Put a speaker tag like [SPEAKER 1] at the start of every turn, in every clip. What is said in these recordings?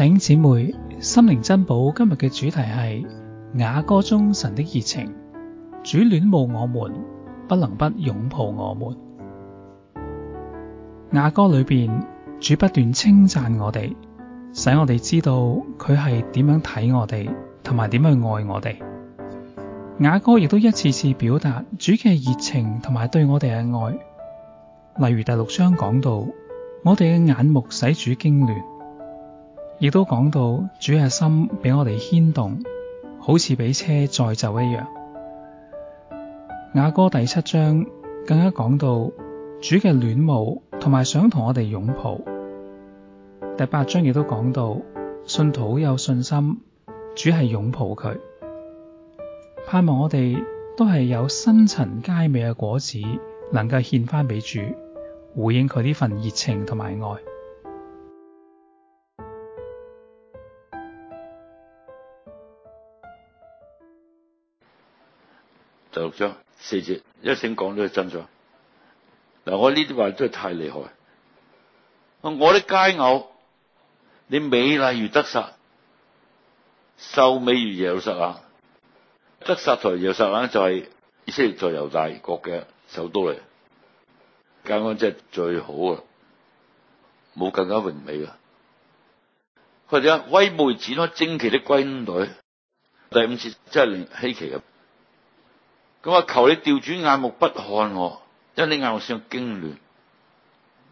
[SPEAKER 1] 弟兄姊妹，心靈珍寶今日嘅主題係雅歌中神的熱情。主戀慕我們，不能不擁抱我們。雅歌裏邊，主不斷稱讚我哋，使我哋知道佢係點樣睇我哋，同埋點樣愛我哋。雅歌亦都一次次表達主嘅熱情同埋對我哋嘅愛。例如第六章講到，我哋嘅眼目使主驚亂。亦都講到主嘅心俾我哋牽動，好似俾車載走一樣。雅歌第七章更加講到主嘅戀慕同埋想同我哋擁抱。第八章亦都講到信徒有信心，主係擁抱佢。盼望我哋都係有深層佳美嘅果子，能夠獻翻俾主，回應佢呢份熱情同埋愛。
[SPEAKER 2] 第六章四節，一聲講都係真相。嗱，我呢啲話真係太厲害。我啲佳偶，你美麗如得撒，秀美如耶路撒冷。得撒同耶路撒冷就係以色列猶大國嘅首都嚟，佳偶真係最好啊！冇更加榮美啊。或者威武展開旌旗的軍隊，第五節真係令稀奇嘅。咁啊！求你調轉眼目不看我，因為你眼目上驚亂。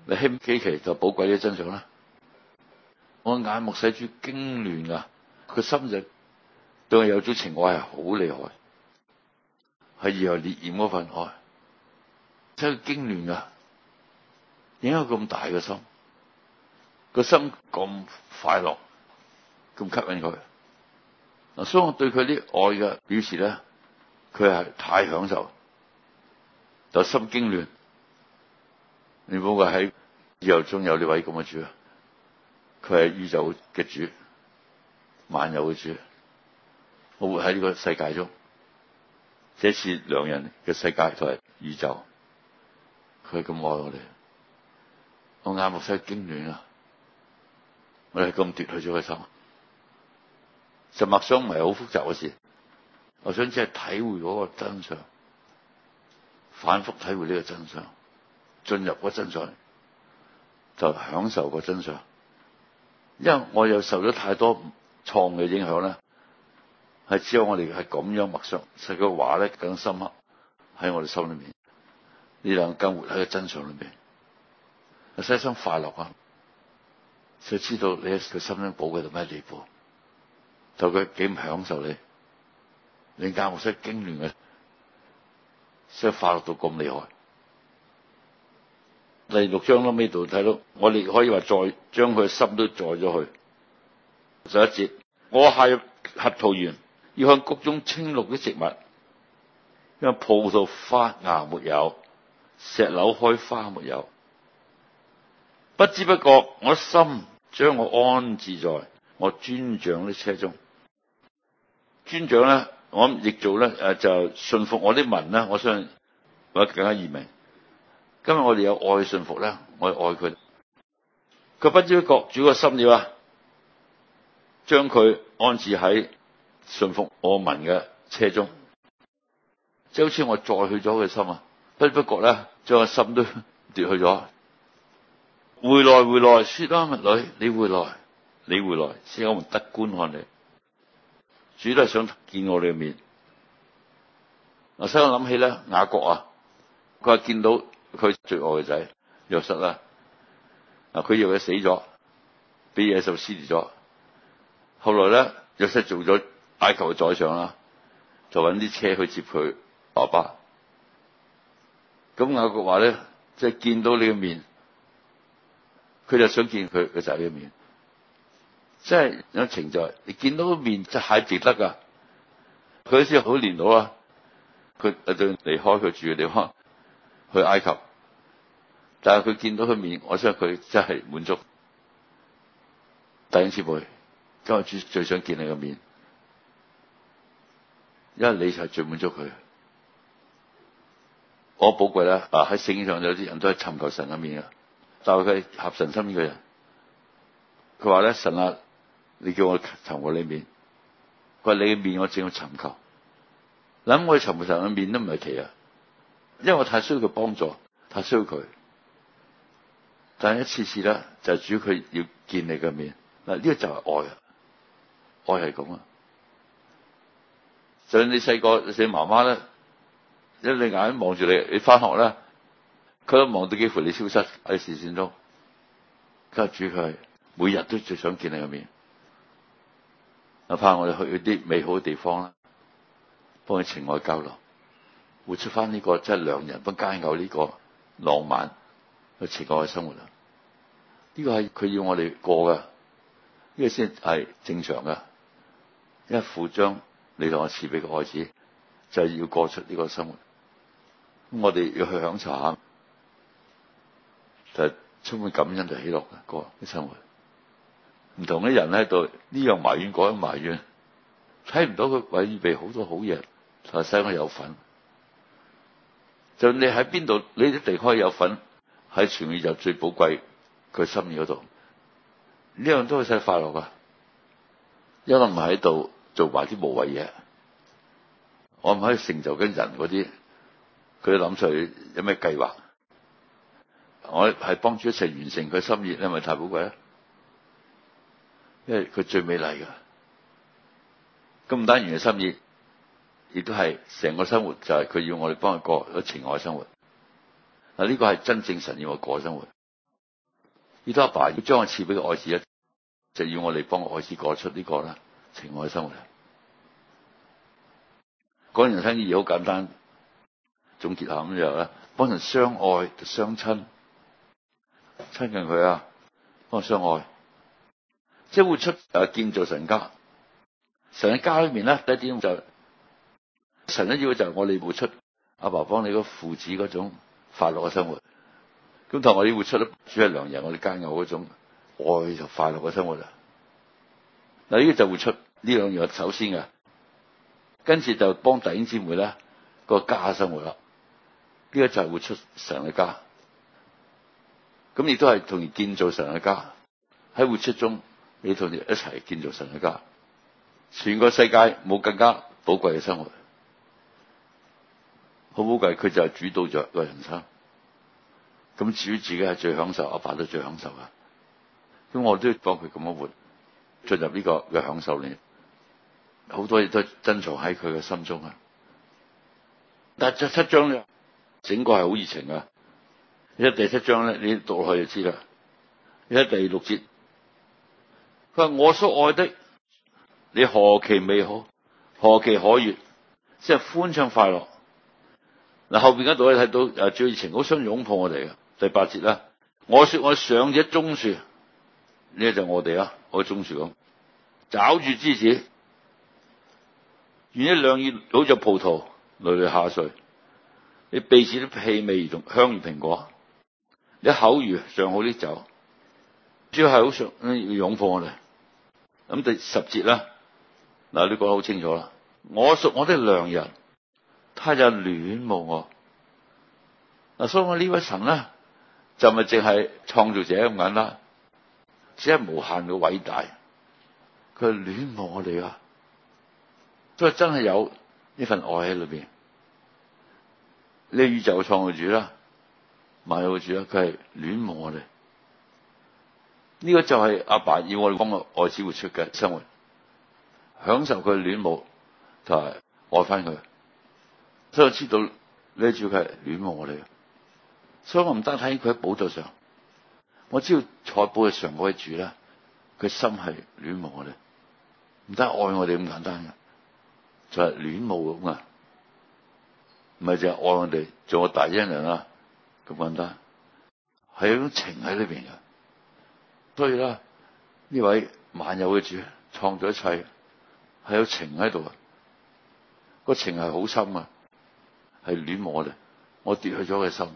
[SPEAKER 2] 你希基奇就寶貴啲真相啦。我眼目使住驚亂呀，佢心就對我有種情愛，係好厲害，係以熱烈烈嗰份愛，真係驚亂噶。點解咁大嘅心，個心咁快樂，咁吸引佢。嗱，所以我對佢啲愛嘅表示咧。佢係太享受，就心驚亂。你冇話喺宇宙中有呢位咁嘅主，佢係宇宙嘅主，萬有嘅主。我活喺呢個世界中，這是良人嘅世界，就係宇宙。佢咁愛我哋，我眼目失驚亂啊！我哋係咁奪去咗佢心，神默想唔係好複雜嘅事。我想只係體會嗰個真相，反覆體會呢個真相，進入嗰真相，就享受個真相。因為我又受咗太多創嘅影響咧，係只有我哋係咁樣默想，使佢話咧更深刻喺我哋心裏面，呢兩夠更活喺個真相裏面，使一生快樂啊！就知道你嘅心中補佢到咩地步，就佢幾唔享受你。你教屋真係驚亂嘅，真係發落到咁厲害。第六章都未度睇到我哋可以話再將佢心都載咗去十一節。我下入核桃園，要向谷中青綠嘅植物，因為葡萄發芽沒有，石榴開花沒有，不知不覺我心將我安置在我尊長啲車中，尊長呢？我亦做咧，就信服我啲民咧。我相信或者更加易明。今日我哋有愛信服咧，我愛佢。佢不知不覺主個心了啊，將佢安置喺信服我民嘅車中，即係好似我再去咗佢心啊！不知不覺咧，將個心都奪去咗。回來，回來，書拉密女，你回來，你回來，使我們得觀看你。主都係想見我哋嘅面，我先我諗起咧雅各啊，佢話見到佢最愛嘅仔約瑟啦，嗱佢以為死咗，俾野獸撕裂咗，後來咧約瑟做咗埃及嘅宰相啦，就揾啲車去接佢爸爸，咁雅各話咧即係見到你嘅面，佢就想見佢嘅仔嘅面。即係有情在，你見到個面就係值得噶。佢好似好年老啊，佢對就離開佢住嘅地方去埃及，但係佢見到佢面，我相信佢真係滿足。弟兄姊妹，今日主最想見你嘅面，因為你就係最滿足佢。我寶貴啦！啊喺聖經上有啲人都係尋求神嘅面啊，但係佢係合神心意嘅人，佢話咧神啊。你叫我尋我你面，佢話你嘅面我正要尋求，諗我尋唔尋嘅面都唔係奇啊，因為我太需要佢幫助，太需要佢，但係一次次咧就主佢要，要見你嘅面，嗱、這、呢個就係愛啊，愛係咁啊，就算你細個你媽媽咧，一你，你眼望住你，你翻學啦佢望到幾乎你消失喺視線中，咁啊主佢每日都最想見你嘅面。哪怕我哋去一啲美好嘅地方啦，幫佢情愛交流，活出翻、這、呢個即係兩人不兼有呢個浪漫嘅情愛生活啦。呢、這個係佢要我哋過嘅，呢、這個先係正常嘅。因為父將，你同我賜俾個愛子，就係、是、要過出呢個生活。咁我哋要去享受下，就是、充滿感恩就喜樂嘅過的生活。唔同嘅人喺度，呢樣埋怨，嗰樣埋怨，睇唔到佢預備好多好嘢，使我有份。就你喺邊度，呢啲地方有份，喺全宇宙最寶貴，佢心意嗰度，呢樣都使快樂㗎。一諗喺度做埋啲無謂嘢，我唔可以成就緊人嗰啲，佢諗出去有咩計劃，我係幫助一齊完成佢心意，咪太寶貴呀？因為佢最美麗噶，咁唔單止係心意，亦都係成個生活就係佢要我哋幫佢過一個情愛生活。嗱，呢個係真正神要我過生活。耶穌阿爸要將我賜俾個愛子，就要我哋幫愛子過出呢個咧情愛生活。講完生意好簡單，總結下咁樣啦，幫人相愛、相親、親近佢啊，幫人相愛。即係會出誒，建造神家，神嘅家裏面咧，第一點就神咧要就我哋會出阿爸幫你嗰父子嗰種快樂嘅生活，咁同我哋會出主一良人，我哋間有嗰種愛就快樂嘅生活啦。嗱，呢個就會出呢兩樣，首先嘅，跟住就幫弟兄姊妹咧，那個家生活咯。呢，這個就係會出神嘅家，咁亦都係同意建造神嘅家喺會出中。你同你一齊建造神嘅家，全個世界冇更加寶貴嘅生活，好寶貴，佢就係主導着個人生，咁至於自己係最享受，阿爸都最享受噶，咁我都講佢咁樣活，進入呢、這個嘅享受裏，好多嘢都珍藏喺佢嘅心中啊！但係第七章咧，整個係好熱情啊！一第七章咧，你讀落去就知啦，一第六節。我所愛的，你何其美好，何其可悅，即係歡暢快樂。嗱，後邊嗰度你睇到最熱情，好想擁抱我哋嘅第八節啦。我說我上一棕樹，呢就我哋啦，我棕樹咁，找住枝子，原一兩乳，好似葡萄，累累下垂。你鼻子啲氣味如，同香如蘋果；你口如上好啲酒，主要係好想擁抱我哋。咁第十節啦，嗱你講得好清楚啦，我屬我的良人，他就戀慕我，所以我呢位神咧就咪係淨係創造者咁簡單啦只係無限嘅偉大，佢係戀慕我哋啊，即係真係有呢份愛喺裏邊，你宇宙創造主啦，萬物主啦，佢係戀慕我哋。呢、這個就係阿爸要我哋講嘅愛子活出嘅生活，享受佢戀慕，就係愛翻佢。所以我知道呢主嘅係戀慕我哋，所以我唔得睇佢喺寶座上，我知道彩寶嘅上嗰位主咧，佢心係戀慕我哋，唔得係愛我哋咁簡單嘅，就係戀慕咁啊，唔係淨係愛我哋做我大恩人啊，咁簡單，係、就是、有種情喺呢邊嘅。所以啦，呢位萬有嘅主創咗一切，係有情喺度啊！個情係好深啊，係戀我嘅，我跌去咗佢心，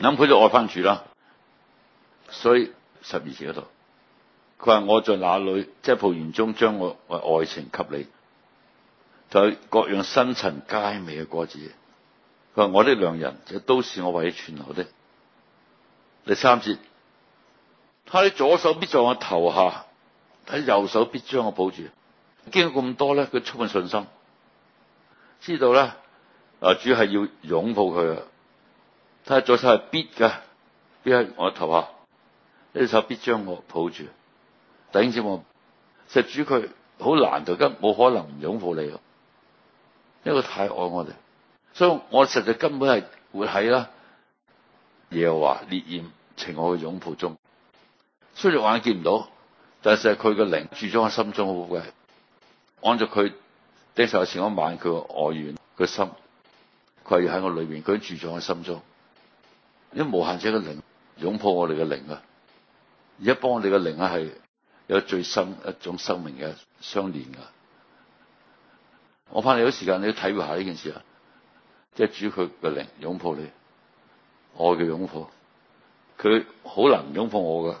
[SPEAKER 2] 諗佢就愛翻住啦。所以十二節嗰度，佢話我在那裡，即係葡園中將我為愛情給你，就各樣新陳佳美嘅果子。佢話我的良人，這都是我為你存留的。第三節。睇左手必在我頭下，睇右手必將我抱住。經過咁多咧，佢充滿信心，知道咧，啊主係要擁抱佢啊！睇下左手係必嘅，必喺我頭下；呢隻手必將我抱住。第二次我實主佢好難到，根本冇可能唔擁抱你啊！因為佢太愛我哋，所以我實在根本係會喺啦。耶和華烈焰情愛嘅擁抱中。雖然眼見唔到，但係佢個靈住咗我心中好嘅。按照佢，定係前嗰晚佢個外願個心，佢喺我裏面佢住咗我心中。因為無限者嘅靈擁抱我哋嘅靈啊！而家幫我哋嘅靈啊，係有最深一種生命嘅相連噶。我怕你有時間，你都體會下呢件事啊！即係主佢嘅靈擁抱你，我嘅擁抱，佢好難唔擁抱我噶。